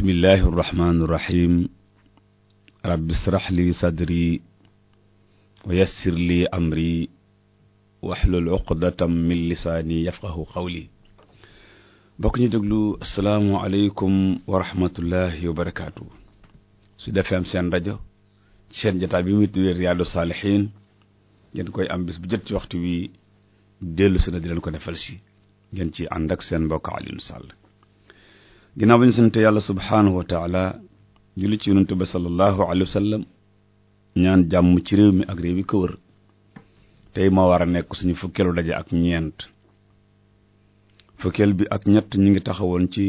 bismillahi irrahmani irrahim rabbi israh li sadri wa yassir li amri waxlul uqdatam min lisaani yafqahu qawli bokk ñu déglu asalaamualeykum wa rahmatullahi wa barakaatu su defee am seen rajo seen jotaay bi muy tuddee Riyadou Salihine ngeen koy am bis bu jot ci waxtu wi dellu si na di leen ko defal si ngeen ci ànd ak seen mbokk Alioune Sall ginnaaw ba ñu sant yàlla subhaanahu wa taala julli ci yonent ba sallallahu alayhi wa sallam ñaan jàmm ci réew mi ak réew yi ko wër tey moo war a nekk suñu fukkeelu daje ak ñeent fukkeel bi ak ñett ñu ngi taxawoon ci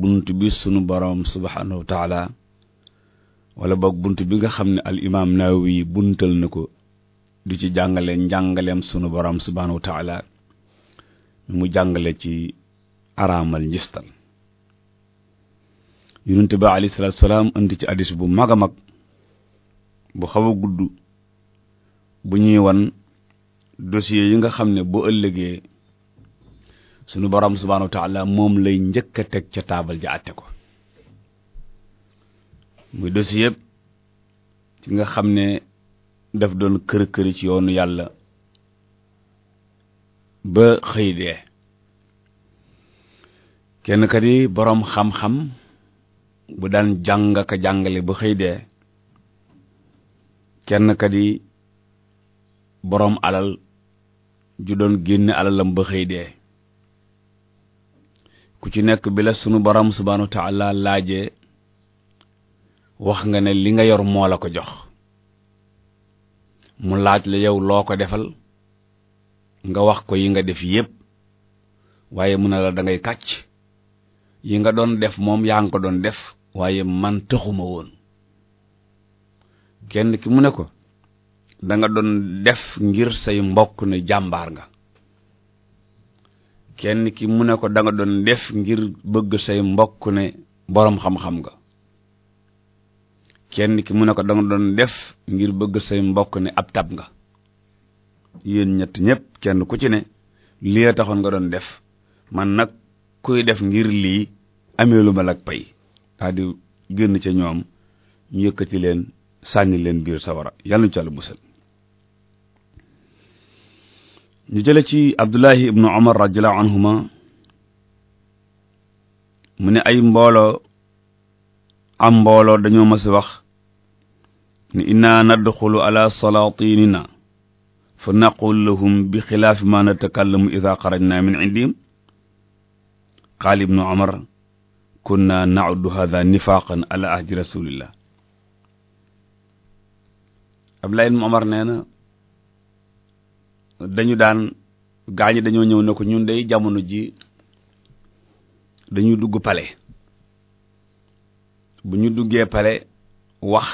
bunt bi sunu boroom subhaanahu wa taala wala boog bunt bi nga xam ne al imaam Nawawi buntal na ko di ci jàngale njàngaleem sunu boroom subhaanahu wa taala mu jàngale ci araamal njistal yonent ba alayhi salaam indi ci addis bu mag a mag bu xaw a gudd bu ñuy wan dossier yi nga xam ne boo ëllëgee sunu borom subhaanahu moom lay njëkk a teg ca taabal ja àtte ko muy dossier yëpp ci nga xam ne daf doon kër këri ci yoonu yàlla ba xëy dee kenn kat yi boroom xam-xam bu daan jàng ak jàngale ba xëy dee kenn ka di boroom alal ju doon génn alalam ba xëy dee ku ci nekk bi la sunu borom subhaanahu wa taala wax nga ne li nga yor moo la ko jox mu laaj la yow loo ko defal nga wax ko yi nga def yépp waaye mun ne la da kàcc yi nga doon def moom yaa ngi ko doon def waaye man taxuma woon kenn ki mu ne ko danga doon def ngir say mbokk ne jàmbaar nga kenn ki mu ne ko da doon def ngir bëgg say mbokk ne boroom xam-xam nga kenn ki mu ne ko da doon def ngir bëgg say mbokk ne ab tab nga yéen ñett ñépp kenn ku ci ne lii a taxoon nga doon def man nag kuy def ngir lii ameelu ma pay daal di génn ca ñoom ñu yëkkati leen sànni leen biir sawara yàlla ñu ci àll musal ñu jële ci abdullahi ibnu umar radiallahu anhuma mu ne ay mbooloo am mbooloo dañoo mas wax ni inna nadxulu ala salaatinina fa naqul lahum bi xilaafi ma natakallamu ida xarajna min indihim qaal ibnu umar kunna na'uddu hadha nifaqan ala ahdi rasulillah Abdullah ibn Umar nee na dañu daan gaañu dañoo ñëw ne ko ñun day jamono ji dañuy dugg pale bu ñu duggee palais wax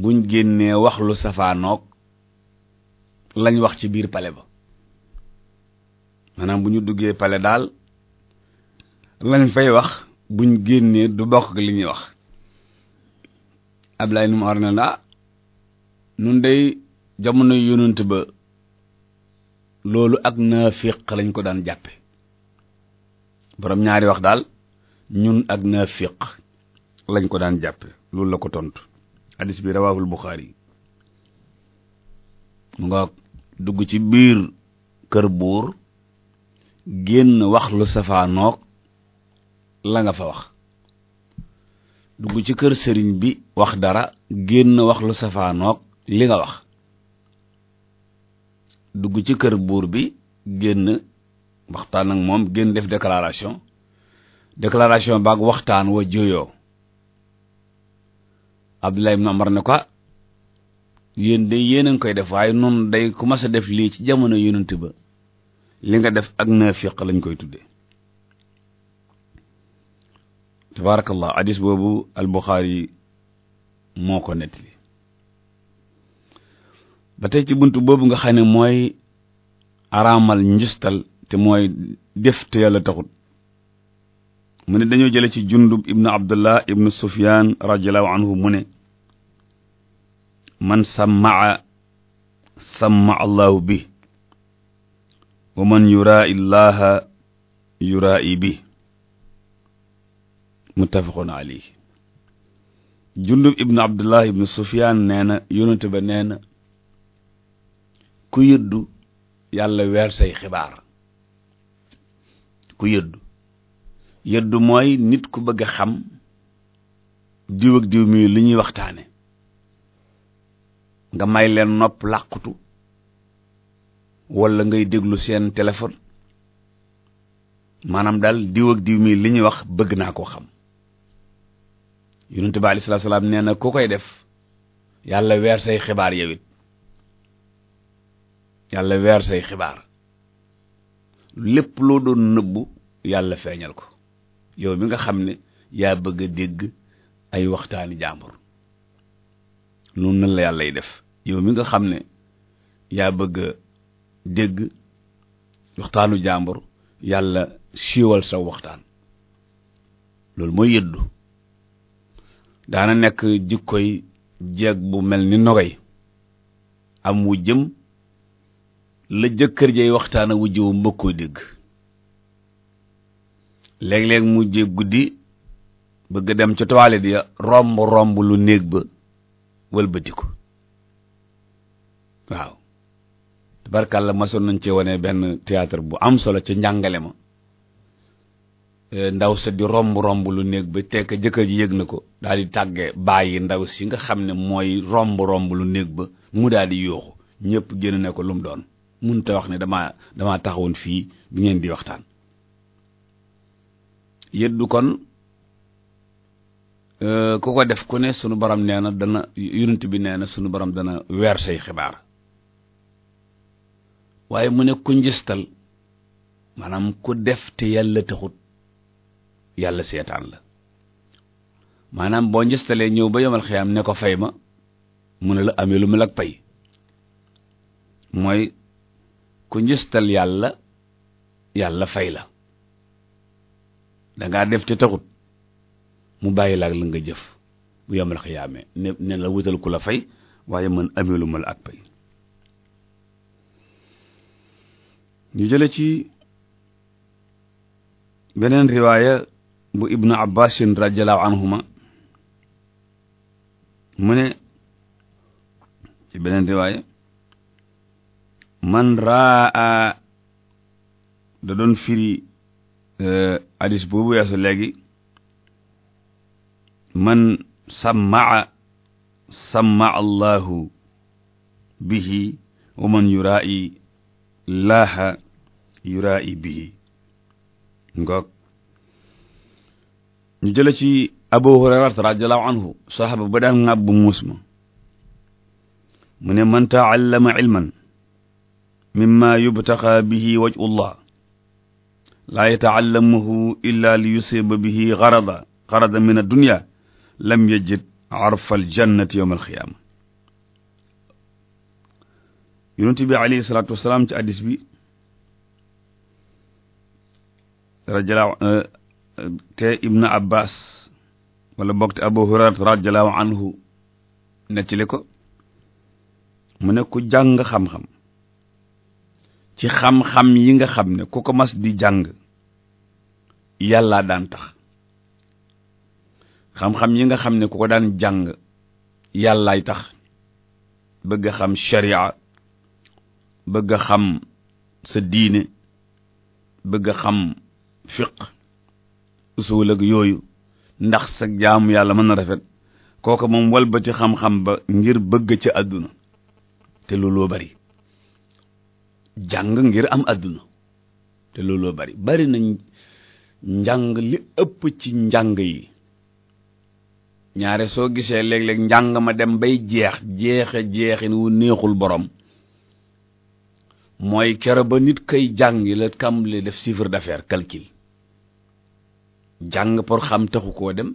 buñ génnee wax lu safaanoog lañ wax ci biir pale ba maanaam bu ñu duggee palais daal lañ fay wax buñ génnee du bokk li ñuy wax Ablaye nu mu war la nun day jamono yonent ba loolu ak naafiq lañ ko daan jàppe borom ñaari wax daal ñun ak naafiq lañ ko daan jàppe loolu la ko tontu hadis bi rawaahul Buxaari mu nga dugg ci biir kër buur génn wax lu safaanoog la nga fa wax dugg ci kër sëriñ bi wax dara génn wax lu safaanoog li nga wax dugg ci kër buur bi génn waxtaan ak moom génn def déclaration déclaration baag waxtaan wa jóyoo Abdullah ibn Umar ne ko yéen de yéen a ngi koy def waaye noonu day ku mas a def lii ci jamono yonent ba li nga def ak naafiq lañu koy tudde tabaarakallah hadis boobu albuxaari moo ko nettali ba tey ci buntu boobu nga xam ne mooy araamal njistal te mooy def te yàlla taxut mu ne dañoo jële ci jundub ibnu abdullah ibnu sufyan radiallahu anhu mu ne man sammaa samma allahu bi wa man yuraa illaha yuraa i bi muttafaqun alayhi jundub ibnu abdullah ibnu sufyaan nee na yonente ba nee na ku yëddu yàlla weer say xibaar ku yëddu yëddu mooy nit ku bëgg xam diw ak diw mi li ñuy waxtaane nga may leen nopp làqutu wala ngay déglu seen téléphone maanaam daal diw ak diw mi li ñuy wax bëgg naa ko xam yonent bi alayhi salaam nee na koo koy def yàlla weer say xibaar yow yàlla weer say xibaar lépp loo doon nëbbu yàlla feeñal ko yow mi nga xam ne yaa bëgg a dégg ay waxtaani jàmbur noonu nan la yàllay def yow mi nga xam ne yaa bëgg dégg waxtaanu jàmbur yàlla siiwal sa waxtaan loolu mooy yëddu daana nekk jikkoy jeeg bu mel ni nogay am wu jëm la jëkkër jay waxtaan ak wujjëwam mbëg koy dégg léeg-léeg mu jéeg guddi bëgg dem ca toilette ya romb romb lu néeg ba wëlbati ko waaw tabarkàlla masoon nañ ci wane benn théâtre bu am solo ca njàngale ma Eh, ndaw sa di romb romb lu néeg ba tekk jëkkër ji yëg na ko daal di tàgge bàyyi ndaw si nga xam ne mooy romb romb lu néeg ba mu daal di yooxu ñépp génn ne ko lu mu doon mënut a wax ne dama damaa taxawoon fii bi ngeen di waxtaan yëddu kon eh, ku ko def ku ne sunu borom nee na dana yonent bi nee na sunu borom dana weer say xibaar waaye mu ne ku njistal maanaam ku def te yàlla taxut yàlla seetaan la maanaam boo njëstalee ñëw ba yomal xiyaam ne ko fay ma mu ne la amee lu mel ak pay mooy ku njëstal yàlla yàlla fay la dangaa def te taxut mu bàyyi la ak la nga jëf bu yomal xiyaamee ne ne la wutal ku la fay waaye mën amee lu mel ak pay ñu jële ci beneen riwaaya bu ibnu abbasin radiallahu anhuma mu ne ci beneen riwaaye man raa da doon firi e, hadis boobu weesu léegi man sammaa sammaa allahu bihi wa man yuraa i laaha yuraa i bihi ñu jële ci abu hurayrata radiallahu anhu saxaaba ba daan ŋàbbu muus ma mu ne man taallama ilman mimma yubtaxaa bihi wajhu llah laa yataallamuhu illa li yusiba bihi garada garada min addunya lam yajid arfa aljannati yowma alxiyaama yonent bi alayhi salaatu wasalaam ci addis bi radiallahu te ibnu abbas wala bokk te abu hurairata radiallahu anhu nettali ko mu ne ku jàng xam-xam ci xam-xam yi nga xam ne ku ko mas di jàng yàlla daan tax xam-xam yi nga xam ne ku ko daan jàng yàllaay tax bëgg xam sharia bëgg xam sa diine bëgg xam fiqh usul ak yooyu ndax sa jaamu yàlla mën na rafet kooku moom walbati xam-xam ba ngir bëgg ca àdduna te lu loo bari jàng ngir am àdduna te looloo bari bari na njàng li ëpp ci njàng yi ñaare soo gisee léeg-léeg njàng ma dem bay jeex jeexe jeexin wu neexul borom mooy kero ba nit kay jàngi la kam li def chiffre d'affaires calcul jàng pour xam texu koo dem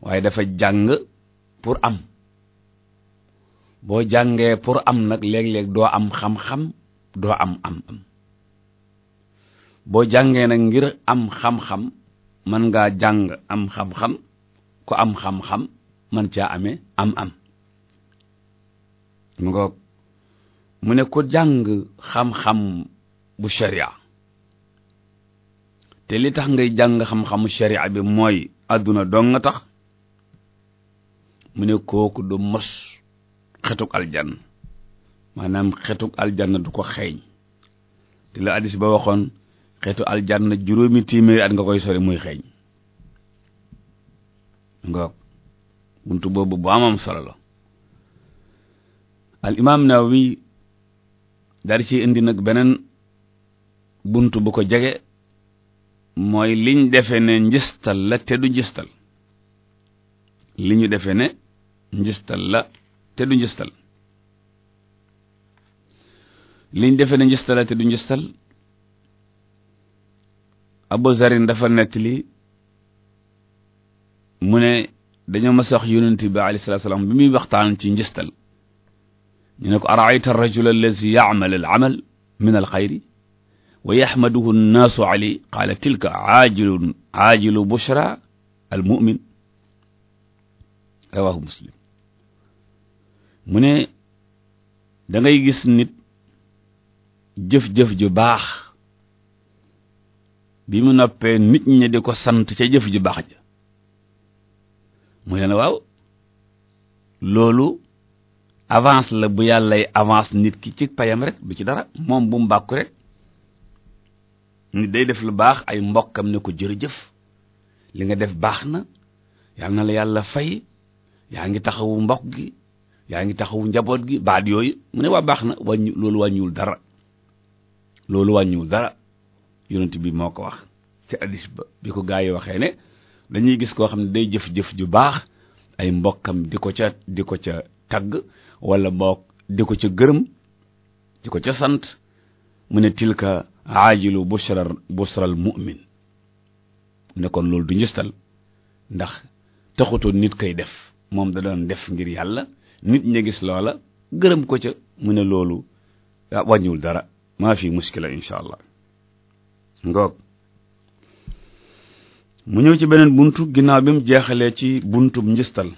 waaye dafa jàng pour am boo jàngee pour am nag léeg-léeg doo am xam-xam doo am am am boo jàngee nag ngir am xam-xam mën ngaa jàng am xam-xam ku am xam-xam mën caa ame am am mu mu ne ku jàng xam-xam bu sharia te li tax ngay jàng xam-xamu sharia bi mooy àdduna dong nga tax mu ne kooku du mos xetuk aljann maanaam xetuk aljann du ko xeeñ te la addis ba waxoon xetu aljann juróomi téeméeri at nga koy sori muy xeeñ ngoog buntu boobu bu amam solo la al imaam Nawawi dari ci indi nag beneen bunt bu ko jege mooy liñ defe ne njistal la te du njistal li ñu defe ne njistal la te du njistal liñ defe ne njistal la te du njistal Abu Zarin dafa nettali mu ne dañoo mas wax yonent bi alayhi salaam bi muy waxtaan ci njistal ñu ne ko araayta ar-rajula allazi ya'malu al-'amal min al-khayri wa yaxmaduhu nnaasu ali qaala tilka aajilu aajilu bushra al mu'min rawahu muslim mu ne dangay gis nit jëf-jëf ju baax bi mu noppee nit ñi di ko sant ca jëf ju baax ja mu ne la waaw loolu avance la bu yàllay avance nit ki ci payam rek bu ci dara moom bu mu bàkku rek ni day def lu baax ay mbokkam ne ko jërëjëf li nga def baax na yal na la yàlla fay yaa ngi taxawu mbokk gi yaa ngi taxawu njaboot gi baat yooyu baax na wàññi loolu wàññiwul dara loolu wàññiwul dara yonent bi moo ko wax ci ko gaa yi waxee ne dañuy gis koo xam ne day jëf-jëf ju baax ay mbokkam di ko ca di ko ca tagg walla mbokk di ko ca gërëm di ko ca sant mu ne tilka aajilu bushra bushral mu'min ne kon loolu du njëstal ndax taxutoon nit kay def moom da doon def ngir yàlla nit ñu gis loola gërëm ko ca mu ne loolu ah, wàññiwul dara maa fi muskila insha allah ngoog mu ñëw ci beneen buntu ginnaaw bi mu jeexalee ci buntub njëstal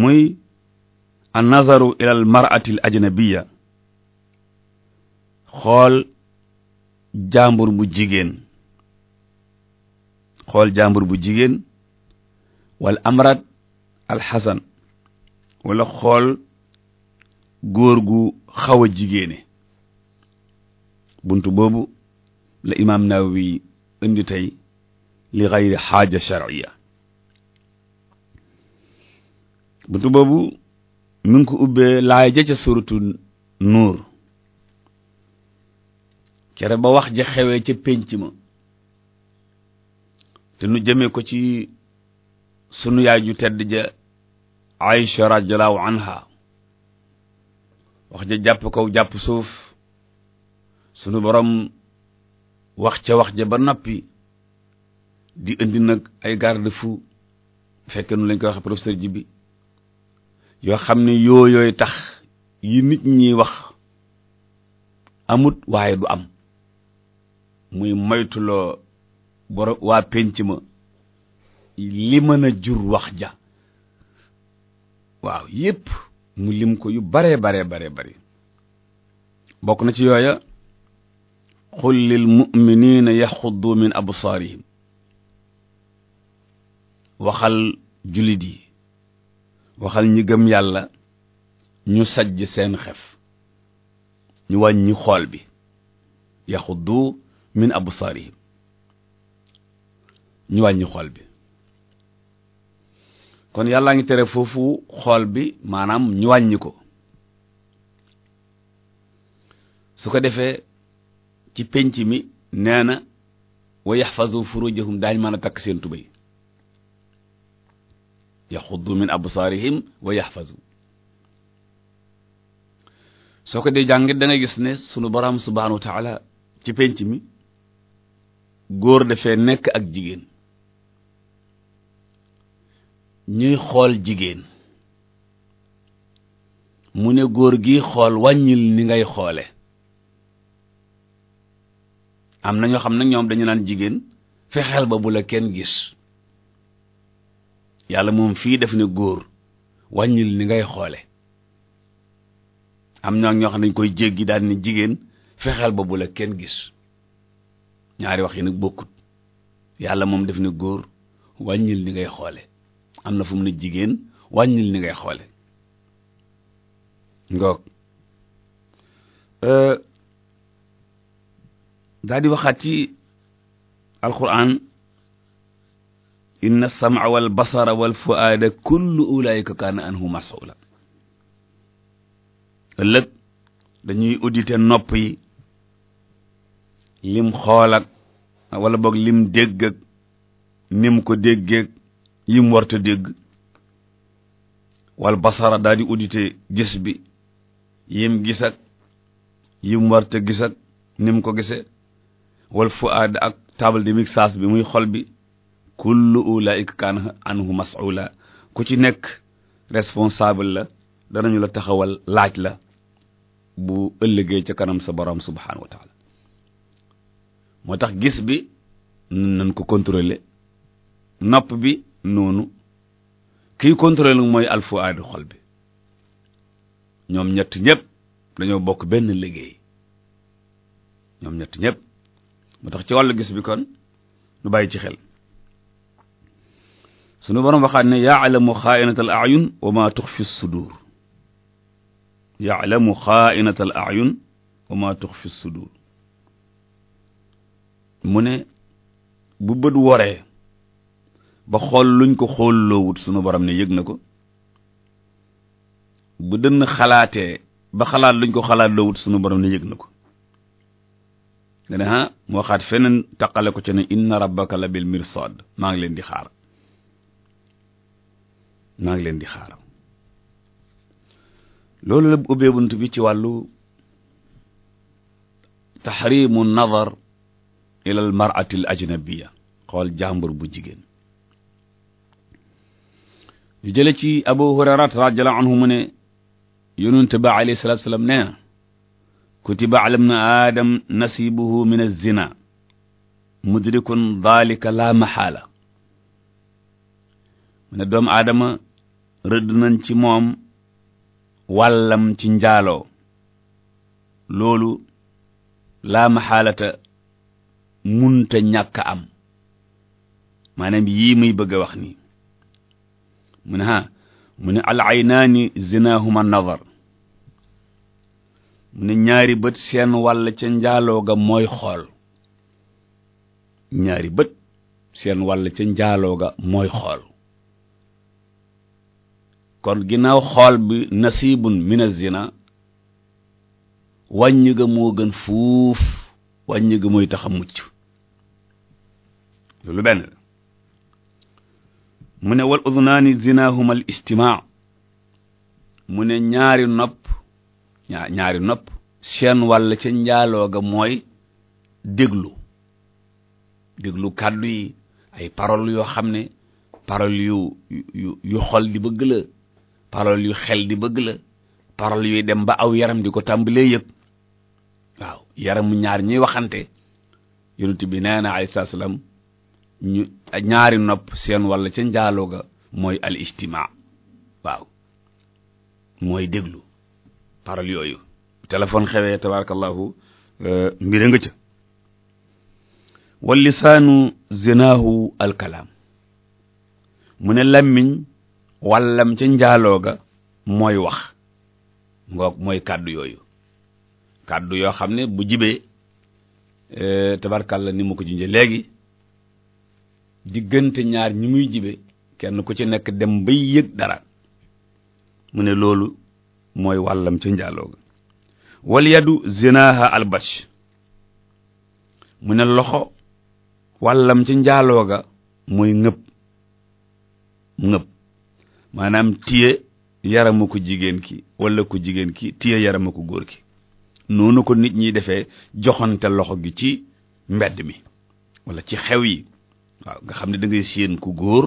muy an nazaru ila al mar'ati xool jàmbur bu jigéen xool jàmbur bu jigéen wala amrat alxasan wala xool góor gu xaw a jigéene bunt boobu la imaam yi indi tey li xayri xaaja sharciya bunt boobu mi ngi ko ubbee laay ja ca suratu nuur cere ba wax ja xewee ca pénc ma te nu jëmee ko ci sunu yaay ju tedd ja Aïcha radiyallahu anha wax ja jàpp kaw jàpp suuf sunu boroom wax ca wax ja ba noppi di indi nag ay garde-fou fekke nu lañ koy waxe professeur ji bi yoo xam ne yoo tax yi nit ñi wax amut waaye du am muy moytuloo boro waa pénc ma li mën a jur wax ja waaw yépp mu lim ko yu bare bare bare bare bokk na ci yooya qul lil mu'minina yaxuddu min absaarihim waxal jullit yi waxal ñi gëm yàlla ñu sajj seen xef ñu wàññi xool bi yaxuddu min absaarihim ñu wàññi xool bi kon yàllaa ngi tere foofu xool bi maanaam ñu wàññi ko su ko defee ci penc mi nee na wa yaxfazu furujahum daañ mën a takk seen tubéy yaxuddu min absaarihim wa yaxfazu soo ko dee jàngit da gis ne sunu borom subhanahu wa taala ci penc mi góor dafee nekk ak jigéen ñuy xool jigéen mu ne góor gi xool wàññil ni ngay xoole am na ñoo xam ne ñoom dañu naan jigéen fexeel ba bu la kenn gis yàlla moom fii def ne góor wàññil ni ngay xoole am na ñoo xam ne dañ koy jéggi daal ni jigéen fexeel ba bu la kenn gis ñaari wax yi nag bokkut yàlla moom def ne góor wàññil ni ngay xoole am na fu mu ne jigéen wàññil ni ngay xoole ngoog euh, daal di waxaat ci alquran inna as-sam'a wal basara wal fu'aada kullu ulaa'ika kaana anhu mas'uula ëllëg dañuy auditer nopp yi lim xool ak wala boog lim dégg ak nim ko déggeeg yim warta dégg wal basara daal di audité gis bi yim gis ak yim warta gis ak nim ko gise wal fuaad ak table de mixage bi muy xol bi kullu ulaika kaana anhu mas'ula ku ci nekk responsable la danañu la taxawal laaj la bu ëllëgee ca kanam sa borom subhanahu wa moo tax gis bi nañ ko contrôler nopp bi noonu kii kiy contrôler mooy alfuaadu xol bi ñoom ñett ñëpp dañoo bokk benn liggéey ñoom ñett ñëpp moo tax ci wàll gis bi kon nu bàyyi ci xel sunu borom waxaat ne yaalamu xaainata al ayun wa ma tux fi sudur yaalamu xaainata al ayun wa ma tux fi sudur mu ne bu bët woree ba xool luñ ko xoolloowut sunu borom ne yëg na ko bu dënn xalaatee ba xalaat luñ ko xalaat loowut sunu borom ne yëg na ko nga ne ah moo xaat feneen taqale ko ci ne inna rabbaka la bil mirsad maa ngi leen di xaar maa ngi leen di xaaral loolu la ubbee bunt bi ci wàllu taxrimu nazar ilal maratil xool jàmbur bu jigéen ñu jële ci abu hurairata radiyallahu anhu mu ne yonent ba alayhi salatu wasalam nee na kutiba ala ibni nasibuhu min az-zina mudrikun dhalika la mahala mu ne doomu aadama rëdd ci moom wàllam ci njaaloo loolu la mahalata munta ñàkk am manam yii muy bëgg a wax ni mu ne ha mu ne al aynaani zinahuma nazar mu ne ñaari bët seen wàll ca njaaloo ga mooy xool kon ginnaaw xool bi nasibun mina zina wàññi ga moo gën fuuf wàññi ga mooy tax mucc loolu benn la mu ne wal udunaani zinaahuma al istimaa mu ne ñaari nopp ñaa ñaari nopp seen wàll njaaloo ga mooy déglu déglu kàddu yi ay parole yoo xam ne parole yu yu yu xol di bëgg la parole yu xel di bëgg la parole yuy dem ba aw yaram di ko tàmbalee yëpp yaramu ñaar ñuy waxante yonent bi nee na alayhi salaam ñu ñaari nopp seen walla ci njaaloo ga mooy al ijtimaa waaw mooy déglu parole yooyu téléphone xewee tabarakallahu euh, mbire nga ca wal lisaanu zinaahu al kalaam mu ne làmmiñ wàllam njaaloo ga mooy wax ngoog mooy kàddu yooyu kàddu yoo xam ne bu jibee e, tabarkàlla ni mu ko junje léegi diggante ñaar ñi jibe kenn ku ci nekk dem bay yëg dara mu ne loolu mooy wàllam ca njaaloo ga wal yadu zinaha albash mu ne loxo wallam ci njaaloo ga mooy ngëb ngëb maanaam tiye yarama ko jigéen ki wala ku jigéen ki téye yarama ko góor ki noonu ko nit ñi defee joxante loxo gi ci mbedd mi wala ci xew yi waaw nga xam ne da ngay ku góor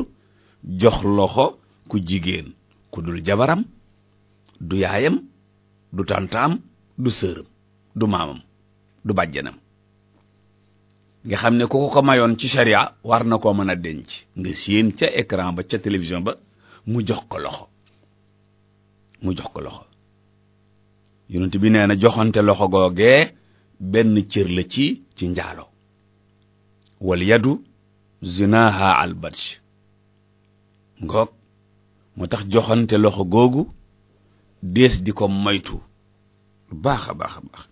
jox loxo ku jigéen ku dul jabaram du yaayam du tàntaam du sëram du maamam du bàjjanam nga xam ne ku ko ko mayoon ci sharia war na koo mën a denc nga séen ca écran ba ca télévision ba mu jox ko loxo mu jox ko loxo yonent bi nee joxante loxo googe benn cër la ci ci njaalo wal yadu zinaha al badj ngoog moo tax joxante loxo googu dees di ko moytu baax a baax a baax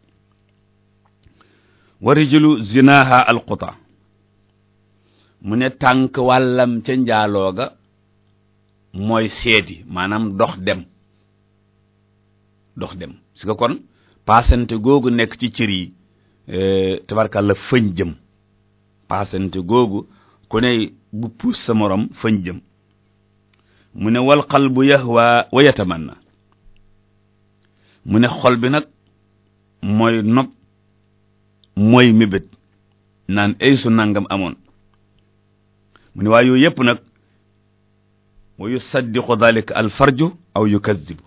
zinaha al quta mu ne tànk wàllam ca njaaloo ga mooy seeti maanaam dox dem dox dem parce kon paasante googu nekk ci cër yi euh, tabarkal la fañ jëm paasante googu ku ne bu puus sa moroom fañ jëm mu ne wal qalbu yahwa wa yatamanna mu ne xol bi nag mooy nopp mooy mébét naan ay nangam amoon mu ne waaye yooyu yëpp nag wa yusaddiqu dhalika al farju aw yukazzibu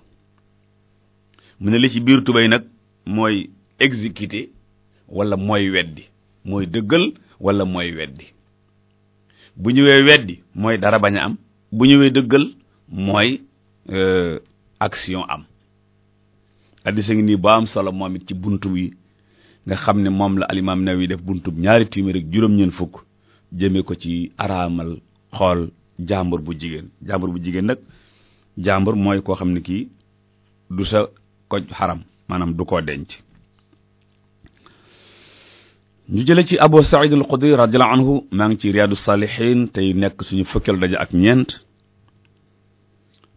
mu ne li ci biir tubéy nag mooy exécuter walla mooy weddi mooy dëggal wala mooy weddi bu ñëwee weddi mooy dara bañ a am bu ñëwee dëggal mooy euh, action am addis ngi nii ba am solo moom it ci bunt bi nga xam ne moom la alimaam Nawawi def buntu ñaari téeméer juróom-ñeent fukk jëmee ko ci araamal xool jàmbur bu jigéen jàmbur bu jigéen nag jàmbur mooy koo xam ne kii du sa koj xaram maanaam du ko denc ñu jële ci abu said al xudri radiallahu anhu maa ngi ci riyaadu saalihin tey nekk suñu fukkel daje ak ñeent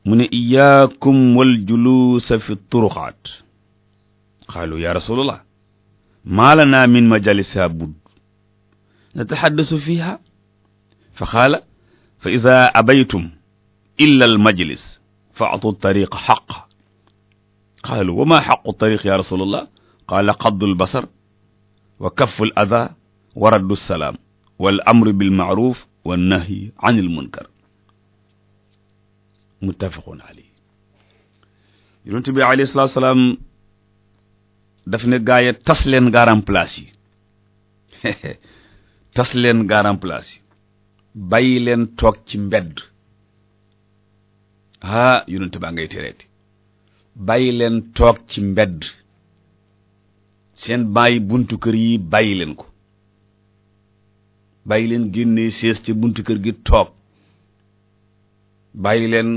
mu ne iyaakum wal juluusa fi turuqaat qaalu ya rasulullah maa lanaa min majalisiha budd nataxaddasu fiha fa qaala fa ida abaytum illa al majlis fa atu tariqa xaq qaalu wa maa xaqu tariq ya rasulullah qaala xaddul basar wa kafful ada wa raddu salaam wal amru bil maaruf wa nahyi anil munkar muttafaqun alayhi yonent bi alayhi salaatu salaam daf ne gaaya tas leen garan place yi tas leen garan place yi bàyyi leen toog ci mbedd ah yonent baa ngay tereeti bàyyi toog ci mbedd seen bàyyi buntu kër yi bàyyi leen ko bàyyi leen génnee sées ca buntu kër gi toog bàyyi leen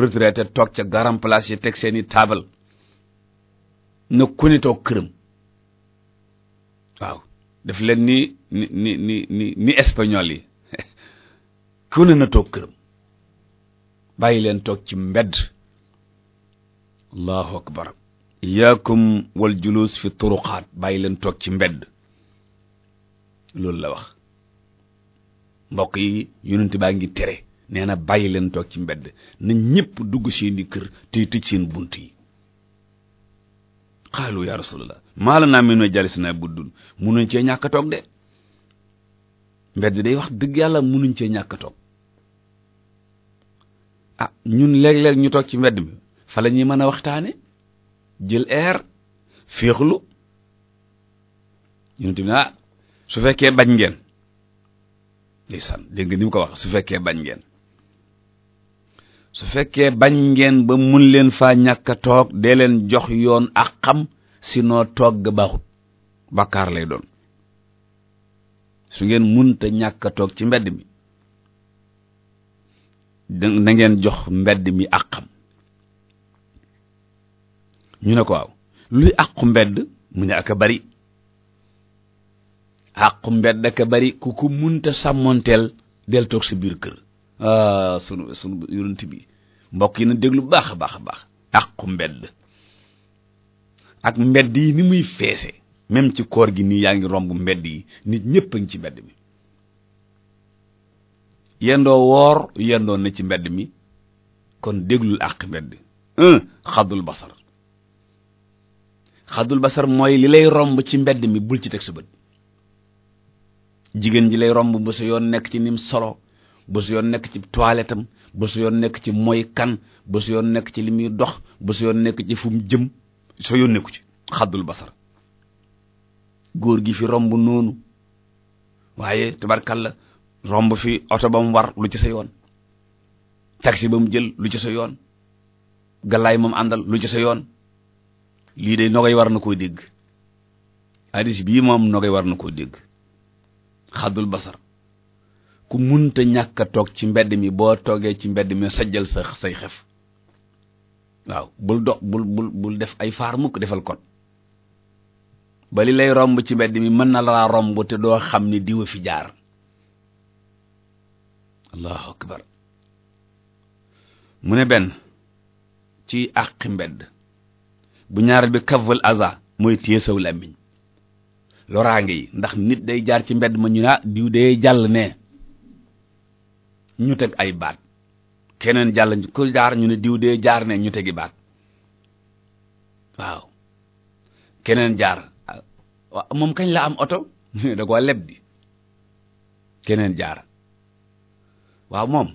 retraité toog ca garam place yi teg seeni taabal na ku ne toog këram waaw def leen ni ni ni ni ni yi ku ne na toog këram bàyyi leen toog ci mbedd allahu akbar iyaakum wal julus fi turuqaat bàyyi leen toog ci mbedd loolu la wax mbokk yi yonent baa ngi tere nee na bàyyi leen toog ci mbedd na ñépp dugg seeni kër tey tëj seen bunt yi xaalu ya rasulallah maa la naa mel ne jalis naa buddun munuñ cee ñàkk toog de mbedd day wax dëgg yàlla munuñ cee ñàkk toog ah ñun léeg-léeg ñu toog ci mbedd mi fa la ñuy mën a waxtaane jël air féexlu ñun tamit ah su fekkee bañ ngeen ndeysaan dégg ko wax su fekkee bañ ngeen su fekkee bañ ngeen ba mun leen faa ñàkkatoog a dee leen jox yoon ak xam sinon toog ga baaxut bàkkaar lay doon su ngeen munta ñàkk ci mbedd mi da ngeen jox mbedd mi ak xam ñu ne ko waaw luy àqu mbedd mu ne ak a bari àqu mbedd ak a bari ku ko munta sàmmonteel del toog sa biir kër ah sunu sunu yonent bi mbokk yi na déglu bu baax a baax a baax àqu mbedd ak mbedd yi ni muy feese même ci koor gi nii yaa ngi romb mbedd yi nit ñépp a ngi ci mbedd mi yendoo woor yendoo na ci mbedd mi kon déglul àq mbedd un basar xaddul basar mooy li lay romb ci mbedd mi bul ci teg sa bët jigéen ji lay romb bu yoon nekk ci nim solo bu yoon nekk ci toilette am yoon nekk ci mooy kan bu yoon nekk ci li muy dox bu yoon nekk ci fu jëm soo yoon nekku ci xaddul basar góor gi fi romb noonu waaye la romb fi oto ba mu war lu ci sa yoon taxi ba mu jël lu ci sa yoon galaay moom àndal lu ci sa yoon lii de nogay war na koo dégg hadis bii moom nogay war na koo dégg xaddul basar ku munta ñàkk a toog ci mbedd mi boo toogee ci mbedd mi sajjal sa say xef waaw bul dox bul bul def ay faar mukk defal kon ba lay romb ci mbedd mi mën na la romb te doo xam ni diwa fi jaar allahu akbar mu ne benn ci àqi mbedd bu ñaareel bi kaful aza mooy téye saw làmmiñ loraange yi ndax nit day jaar ci mbedd ma ñu naa diw day jàll ne ñu teg ay baat keneen jàll ku jaar ñu ne diw dee jaar ne ñu tegi baat waaw keneen jaar moom kañ la am oto da ko leb di keneen jaar waaw moom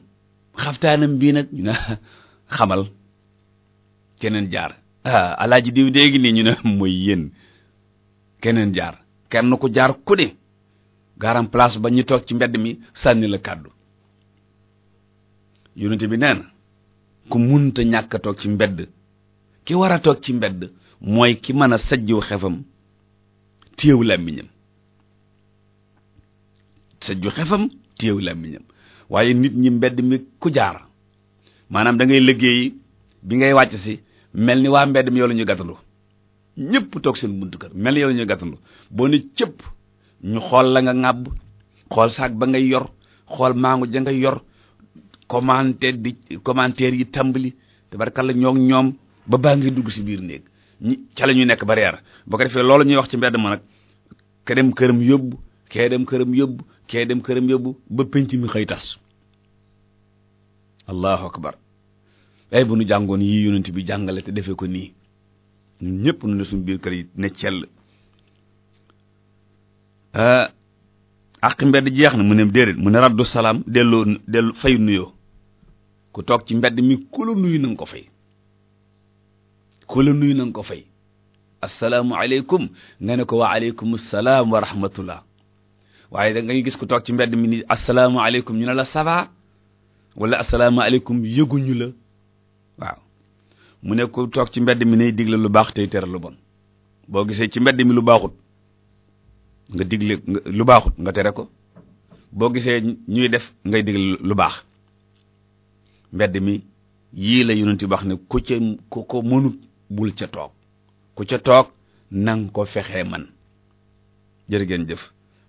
xaftaanam bii nag ñu ne xamal keneen jaar Ah, alaaji diw déegi ni ñu ne mooy yéen keneen jaar kenn ku jaar ku ne garam place ba ñu toog ci mbedd mi sànni la kàddu yonent bi neen na ku munta ñàkk a toog ci mbedd ki war a toog ci mbedd mooy ki mën a sajjiw xefam téew làmmiñam sajju xefam téew làmmiñam waaye nit ñi mbedd mi ku jaar maanaam dangay liggéey bi ngay wàcc si mel ni waa mbedd mi yow la ñuy gàttandu ñëpp toog seen buntu kër mel ni yow la ñuy gàttandu boo ne cëpp ñu xool la nga ŋàbb xool saak ba ngay yor xool maangu ja nga yor commentaire di commentaire yi tàmbali tabarkalla ñoog ñoom ba baa ngi dugg ci biir néeg ñi ca la ñuy nekk ba reer boo ko defee loolu ñuy wax ci mbedd ma nag ke dem këram yóbbu kee dem këram yóbbu kee dem këram yóbbu ba penc mi xëy tas allahu akbar ay bu nu jàngoon yii yonent bi jàngale te defee ko nii ñun ñëpp nu ne suñu kër yi ne cell ah, àq mbedd jeex na mu ne déedéet mu ne raddu salaam delloo dellu nuyoo ku toog ci mbedd mi ku nuyu na nga ko fay ku nuyu na nga ko fay assalaamu aleykum nga ne ko wa aleykum salaam wa waaye da ngay gis ku toog ci mbedd mi ni assalaamu aleykum ñu ne la wala assalaamu aleykum yëguñu la waaw mu ne ku toog ci mbedd mi nay digle lu baax tey tere lu bon boo gisee ci mbedd mi lu baaxut nga digle lu baaxut nga tere ko boo gisee ñuy def ngay digle lu baax mbedd mi yii la yonent bi wax ne ku ci ku ko mënut bul ca toog ku ca toog nang ko fexee man jër geen jëf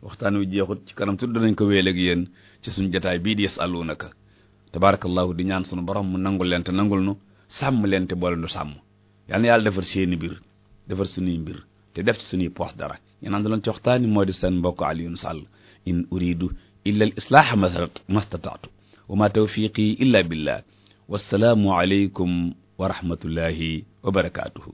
waxtaan wi jeexut ci kanam tudd nañ ko wéel ak yéen ci suñ jataay bii di yasalunaka tabarakallahu di ñaan sunu borom mu nangul leen te nangul nu sàmm leen te boole nu sàmm yal na yàlla defar seeni mbir defar sunuy mbir te def ci sunuy poos dara ñeen am doon ci waxtaani moo di seen mbokk Alioune Sall in uridu illa al islaaha mastata'tu wa ma tawfiqi illa billah wassalaamu alaykum wa rahmatullahi wa barakatuhu